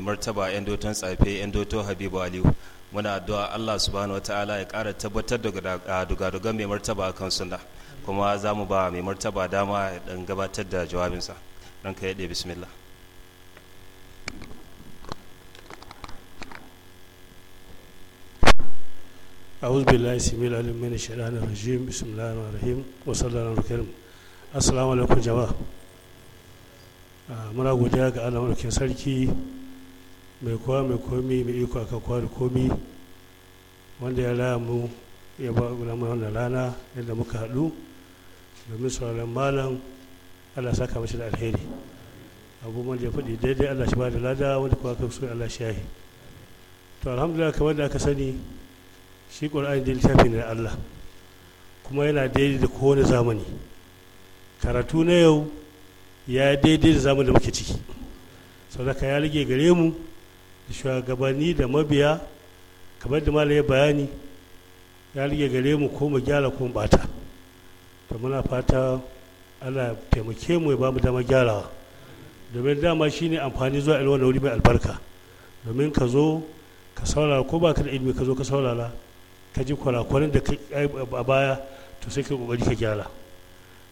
martaba yan doton tsafe yan doto habibu aliyu muna addu'a allah subhanahu wataala ya kara tabbatar da dugadugan mai martaba kan sunna kuma za mu ba mai martaba dama ya dan gabatar da jawabinsa don ka ɗaya bismillah أعوذ بالله السميع العليم من الشيطان الرجيم بسم الله الرحمن الرحيم وصلى الله على الكريم السلام عليكم jama'a muna godiya ga Allah sarki mai kowa mai komi mai iko aka kowa da komi wanda ya raya mu ya ba mu wannan rana yadda muka haɗu domin sauraron malam allah saka mashi da alheri abubuwan da ya faɗi daidai allah shi ba da lada wanda kuma aka so allah shi yi to alhamdulillah kamar da aka sani shi ƙwar'ani da littafi ne allah kuma yana daidai da kowane zamani karatu na yau ya daidai da zamani da muke ciki sadaka ya rage gare mu da shugabanni da mabiya kamar da mala ya bayani ya rige gare mu ko mu gyara ko mu bata to muna fata Allah taimake mu ya ba mu dama gyarawa domin dama shine amfani zuwa ilwa da wuri mai albarka domin ka zo ka saurara ko ba ka da ilimi ka zo ka saurara ka ji kwarakwarin da ka yi a baya to sai ka kokari ka gyara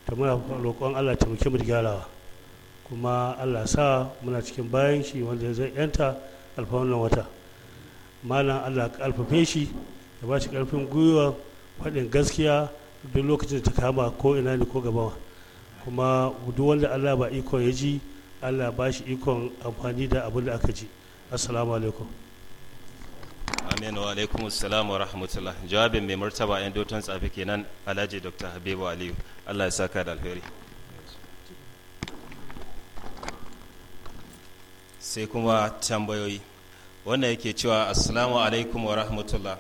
to muna roƙon Allah taimake mu da gyarawa kuma Allah sa muna cikin bayan shi wanda zai yanta alfawar wata malam allah karfafe shi ya ba shi karfin gwiwa faɗin gaskiya duk lokacin da ta kama ko ina ne ko gabawa kuma duk wanda allah ba iko ya ji allah ba shi ikon amfani da abin da aka ji assalamu alaikum amin wa alaikum assalam wa rahmatullah jawabin mai martaba yan doton tsafi kenan alhaji dr habibu aliyu allah ya saka da alheri sai kuma tambayoyi wannan yake cewa assalamu alaikum wa rahmatullah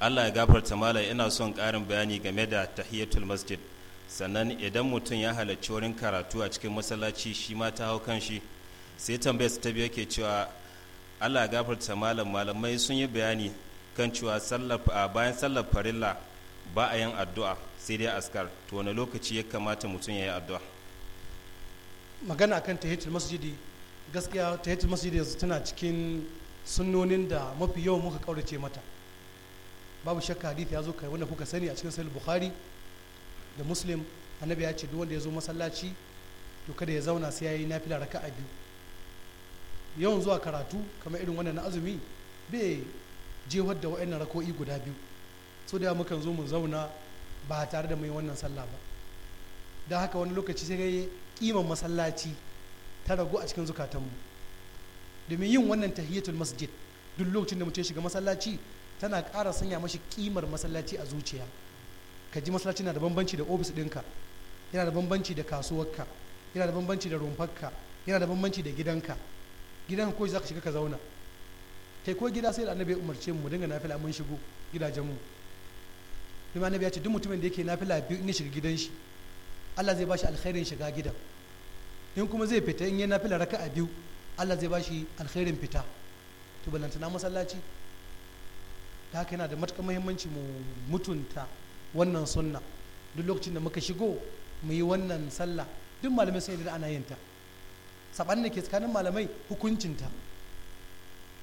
allah ya gafarta malam ina son karin bayani game da tahiyatul masjid sannan idan mutum ya halarci wurin karatu a cikin masallaci shi ma ta hau kan shi sai tambayar ta biyu yake cewa allah ya gafarta malam malamai sun yi bayani kan cewa bayan sallar farilla ba a yin addu'a sai dai askar to wani lokaci ya kamata mutum ya yi addu'a magana akan tahiyatul masjidi gaskiya tahiyatul masjidi yanzu tana cikin sunnonin da mafi yawan muka kaurace mata babu shakka hadith ya zo kai wanda kuka sani a cikin sahih bukhari da muslim annabi ya ce duk wanda ya zo masallaci to kada ya zauna sai ya yi nafila raka'a biyu yawan zuwa karatu kamar irin wannan na azumi bai jewar da wa'annan rako'i guda biyu so da mukan zo mu zauna ba tare da mai wannan sallah ba don haka wani lokaci sai ga kiman masallaci ta ragu a cikin zukatanmu domin yin wannan tahiyatul masjid duk lokacin da mutum ya shiga masallaci tana ƙara sanya mashi kimar masallaci a zuciya ka ji masallaci na da bambanci da ofis ɗinka yana da bambanci da kasuwarka yana da bambanci da rumfarka yana da bambanci da gidanka gidan ko za ka shiga ka zauna kai ko gida sai da annabi ya umarce mu dinga nafila mun shigo gidajen mu domin annabi ya ce duk mutumin da yake nafila biyu in shiga gidan shi Allah zai ba shi alkhairin shiga gidan in kuma zai fita in ya nafila raka'a biyu Allah zai bashi alkhairin fita to balantana masallaci ta haka yana da matuƙar muhimmanci mu mutunta wannan sunna duk lokacin da muka shigo mu yi wannan sallah duk malamai sun da ana yin ta saɓanin da ke tsakanin malamai hukuncinta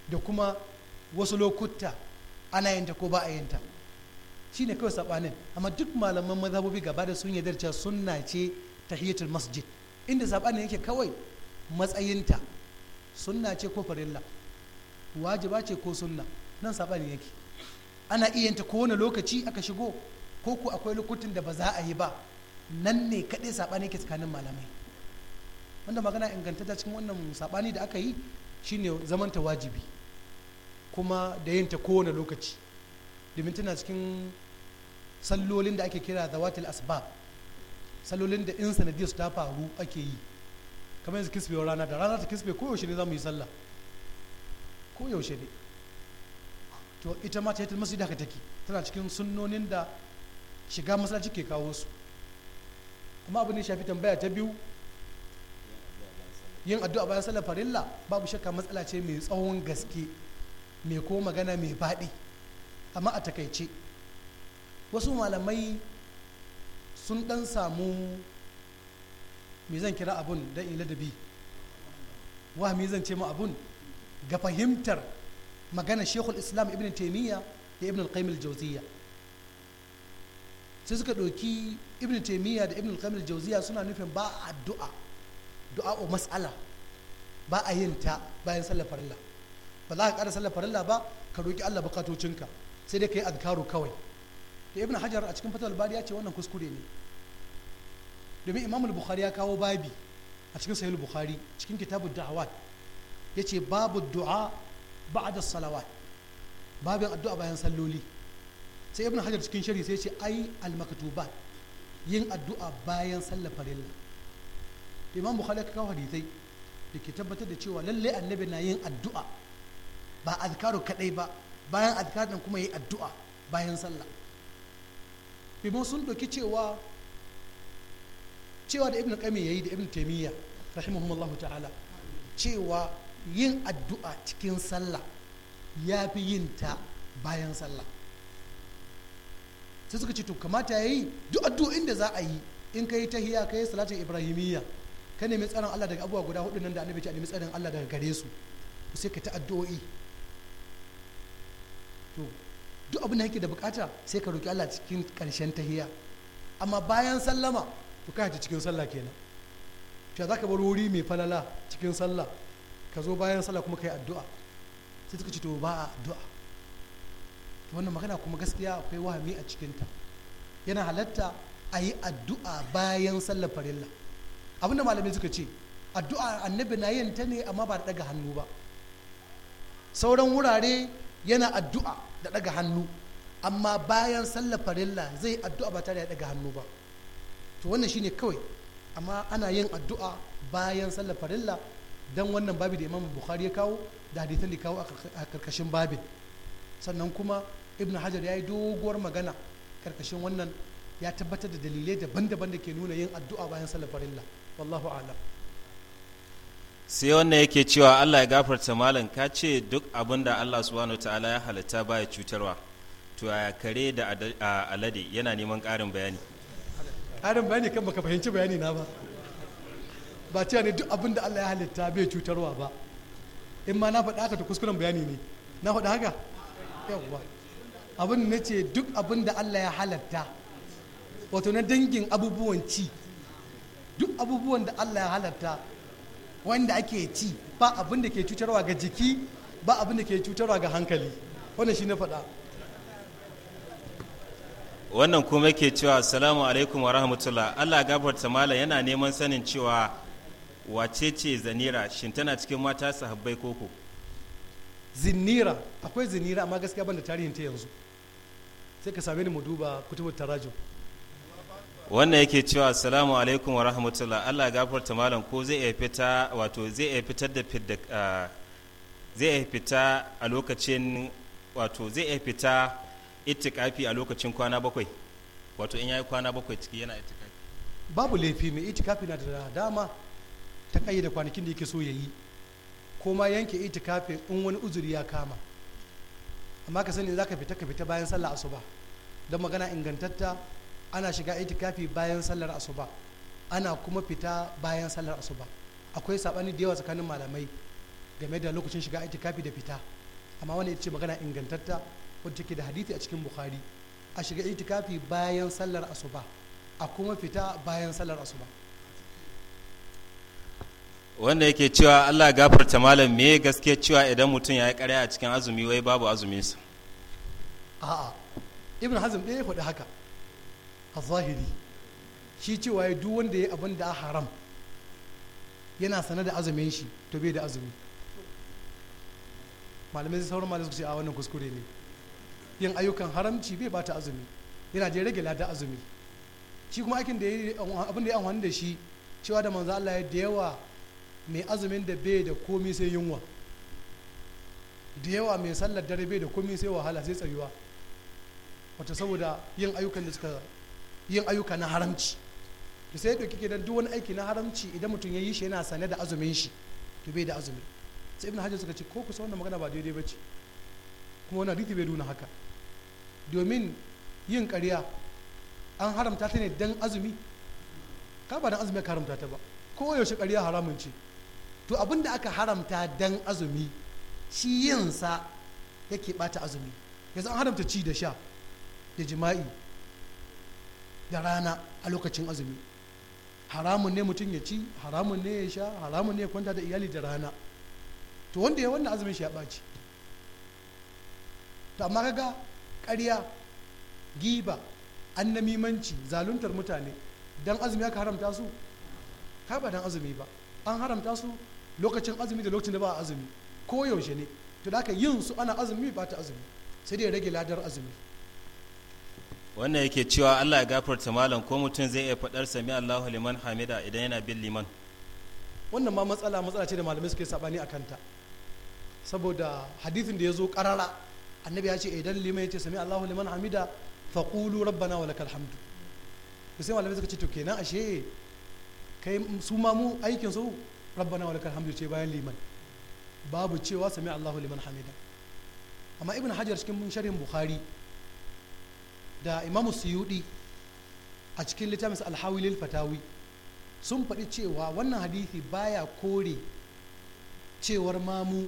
da kuma wasu lokuta ana yin ta ko ba a yin shi ne kawai saɓanin amma duk malaman mazhabobi gaba da sun yadda cewa sunna ce tahiyatul masjid inda saɓanin yake kawai matsayinta sunna ce ko farilla wajiba ce ko sunna nan saɓani yake ana iya yanta kowane lokaci aka shigo ko ku akwai lokutan da ba za a yi ba nan ne kaɗai saɓani yake tsakanin malamai wanda magana ingantata cikin wannan saɓani da aka yi shine zamanta wajibi kuma da yinta kowane lokaci domin tana cikin sallolin da ake kira zawatil asbab sallolin da in sanadiyar su ta faru ake yi kamar yanzu kisbewar rana da rana ta kisbe koyaushe ne za mu yi sallah koyaushe ne to ita ma ta yi masu haka take tana cikin sunnonin da shiga masalaci ke kawo su kuma abin da shafi tambaya ta biyu yin addu'a bayan sallar farilla babu shakka matsala ce mai tsawon gaske mai ko magana mai baɗi amma a takaice wasu malamai sun ɗan samu me zan kira abun dan in ladabi wahami zan ce ma abun ga fahimtar magana shekul islam ibn taimiyya da ibn al-qayyim al-jawziyya sai suka doki ibn taimiyya da ibn al-qayyim al-jawziyya suna nufin ba addu'a du'a o mas'ala ba a yin ta bayan sallar farilla ba za ka kara sallar farilla ba ka roki Allah bukatocinka sai dai ka yi azkaru kawai da ibn hajar a cikin fatal bari ya ce wannan kuskure ne domin imam bukhari ya kawo babi a cikin sahih bukhari cikin kitabu da'awat yace babu du'a ba'da salawat babin addu'a bayan salloli sai ibn hajar cikin shari sai yace ai al maktubat yin addu'a bayan sallar farilla imam bukhari ya kawo hadisai da ke tabbatar da cewa lalle annabi na yin addu'a ba azkaru kadai ba bayan azkar kuma yi addu'a bayan sallah bimon sun doki cewa cewa da ibn ya yayi da ibn taymiya rahimahumullahu ta'ala cewa yin addu'a cikin sallah ya fi yin ta bayan sallah sai suka ce to kamata ya yi duk addu'o'in da za a yi in ka yi kai ka yi salatin ibrahimiyya ka nemi tsarin Allah daga abubuwa guda hudu nan da annabi ce a nemi tsarin Allah daga gare su sai ka ta addu'o'i to duk abin da yake da bukata sai ka roki Allah cikin karshen tahiya amma bayan sallama to ta cikin sallah kenan to za ka bar wuri mai falala cikin sallah ka zo bayan sallah kuma ka yi addu'a sai suka ce to ba a addu'a to wannan magana kuma gaskiya akwai wahami a cikin ta yana halatta a yi addu'a bayan sallah farilla abinda malamai suka ce addu'a annabi na yin ta ne amma ba da daga hannu ba sauran wurare yana addu'a da daga hannu amma bayan sallar farilla zai addu'a ba tare da daga hannu ba to wannan shine kawai amma ana yin addu'a bayan sallar farilla dan wannan babi da imam bukhari ya kawo da hadisan da kawo a karkashin babin sannan kuma ibn hajar ya yi doguwar magana karkashin wannan ya tabbatar da dalilai daban-daban da ke nuna yin addu'a bayan sallar farilla wallahu a'lam sai wannan yake cewa Allah ya gafarta malam ka ce duk abin da Allah subhanahu wataala ya halitta baya cutarwa to a kare da alade yana neman karin bayani ƙarin bayani kan baka fahimci bayani na ba ba cewa ne duk abin da Allah ya halitta bai cutarwa ba in ma na faɗa haka ta kuskuren bayani ne na faɗa haka yawwa abin na ce duk abin da Allah ya halatta wato na dangin abubuwan ci duk abubuwan da Allah ya halatta wanda ake ci ba abin da ke cutarwa ga jiki ba abin da ke cutarwa ga hankali wannan shi na faɗa wannan kuma ke cewa assalamu alaikum wa rahmatullah allah gafarta malam yana neman sanin cewa wace ce zanira shin tana cikin mata sahabbai koko zinira akwai zinira amma gaskiya ban da tarihin ta yanzu sai ka same ni mu duba kutubut tarajo wannan yake cewa assalamu alaikum wa rahmatullah allah gafarta malam ko zai iya fita wato zai iya fitar da ah, zai iya fita a lokacin wato zai iya fita itikafi a lokacin kwana bakwai wato in yayi kwana bakwai ciki yana itikafi babu laifi mai itikafi na da dama ta da kwanakin da yake so ya yi ko ma yanke itikafi in wani uzuri ya kama amma ka sani za ka fita ka fita bayan sallar asuba don magana ingantatta ana shiga itikafi bayan sallar asuba ana kuma fita bayan sallar asuba akwai sabani da yawa tsakanin malamai game da lokacin shiga itikafi da fita amma wani ita ce magana ingantatta wadda ke da hadithi a cikin bukhari a shiga itikafi bayan sallar asuba a kuma fita bayan sallar asuba wanda yake cewa allah gafarta malam me gaskiya cewa idan mutum ya yi karya a cikin azumi wai babu azuminsa a'a ibn hazm ɗaya ya faɗi haka a zahiri shi cewa ya duk wanda ya abin da haram yana sane da azumin shi to bai da azumi malamai sauran malamai suka ce a wannan kuskure ne yin ayyukan haramci bai bata azumi yana je rage lada azumi shi kuma aikin da abin da ya amfani da shi cewa da manzo Allah ya da yawa mai azumin da bai da komi sai yunwa da yawa mai sallar dare bai da komi sai wahala sai tsayuwa wata saboda yin ayyukan da suka yin ayyuka na haramci to sai doki kenan duk wani aiki na haramci idan mutum ya yi shi yana sane da azumin shi to bai da azumi sai ibn hajar suka ce ko kusa wannan magana ba daidai ba ce kuma wani hadisi bai nuna haka domin yin ƙarya an haramta ta ne don azumi ka ba da azumi ka haramta ta ba ko yaushe ƙarya haramun ce to abin da aka haramta don azumi shi yinsa yake bata azumi yanzu an haramta ci da sha da jima'i da rana a lokacin azumi haramun ne mutum ya ci haramun ne ya sha haramun ne ya kwanta da iyali da rana to wanda ya wannan azumin shi ya ɓaci to amma kaga ƙarya giba annamimanci zaluntar mutane don azumi aka haramta su ka ba don azumi ba an haramta su lokacin azumi da lokacin da ba azumi ko yaushe ne to da aka yin su ana azumi ba ta azumi sai dai rage ladar azumi wannan yake cewa Allah ya gafarta malam ko mutum zai iya faɗar sami Allahu liman hamida idan yana bin liman wannan ma matsala matsala ce da malamai suke sabani a kanta saboda hadithin da ya zo karara annabi ya ce idan eh, liman ce sami Allahu liman hamida faqulu rabbana wa lakal hamdu to sai malamai suka ce to kenan ashe kai su ma mu aikin su rabbana wa lakal hamdu ce bayan liman babu cewa sami Allahu liman hamida amma ibn hajar cikin sharhin bukhari da imam suyudi a cikin littafin alhawilil fatawi sun faɗi cewa wannan hadisi baya kore cewar mamu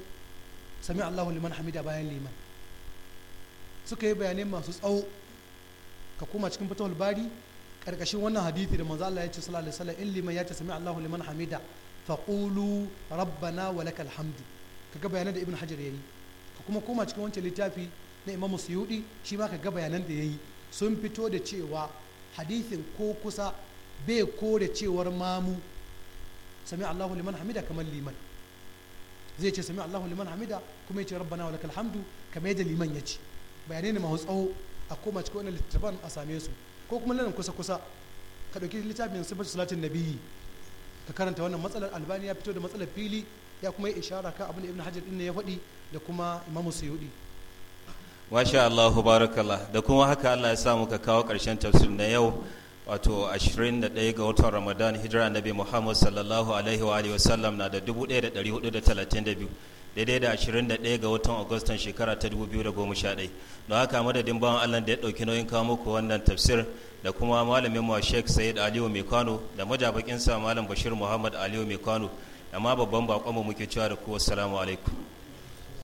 sami Allahu liman hamida bayan liman suka yi bayanai masu tsawo ka koma cikin fatahul bari ƙarƙashin wannan hadithi da manzo Allah ya ce sallallahu alaihi wasallam in liman ya ce sami Allahu liman hamida qulu rabbana wa lakal hamdu kaga bayanan da ibn hajar yayi ka kuma koma cikin wancan littafi na imamu suyudi shi ma kaga bayanan da yayi sun fito da cewa hadithin ko kusa bai kore cewar mamu sami Allahu liman hamida kamar liman zai ce sami Allahu liman hamida kuma ya ce rabbana wa lakal hamdu kamar yadda liman ya ce bayanai ne masu tsawo a koma cikin wani littattafan a same su ko kuma nan kusa kusa ka ɗauki littafin sifar salatin nabiyyi ka karanta wannan matsalar albani ya fito da matsalar fili ya kuma yi ishara kan abin da ibn hajar din ne ya faɗi da kuma imamu suyudi masha allahu barakallah da kuma haka Allah ya samu ka kawo ƙarshen tafsir na yau wato 21 ga watan Ramadan hijira nabi Muhammad sallallahu alaihi wa alihi wasallam na da 1432 daidai da da 21 ga watan agustan shekara ta dubu biyu da goma sha ɗaya don haka madadin bawan allah da ya ɗauki nauyin kawo muku wannan tafsir da kuma malamin mu sheikh sayid aliyu mai kwano da majabakinsa malam bashir muhammad aliyu mai kwano da ma babban bakon mu muke cewa da ku wassalamu alaikum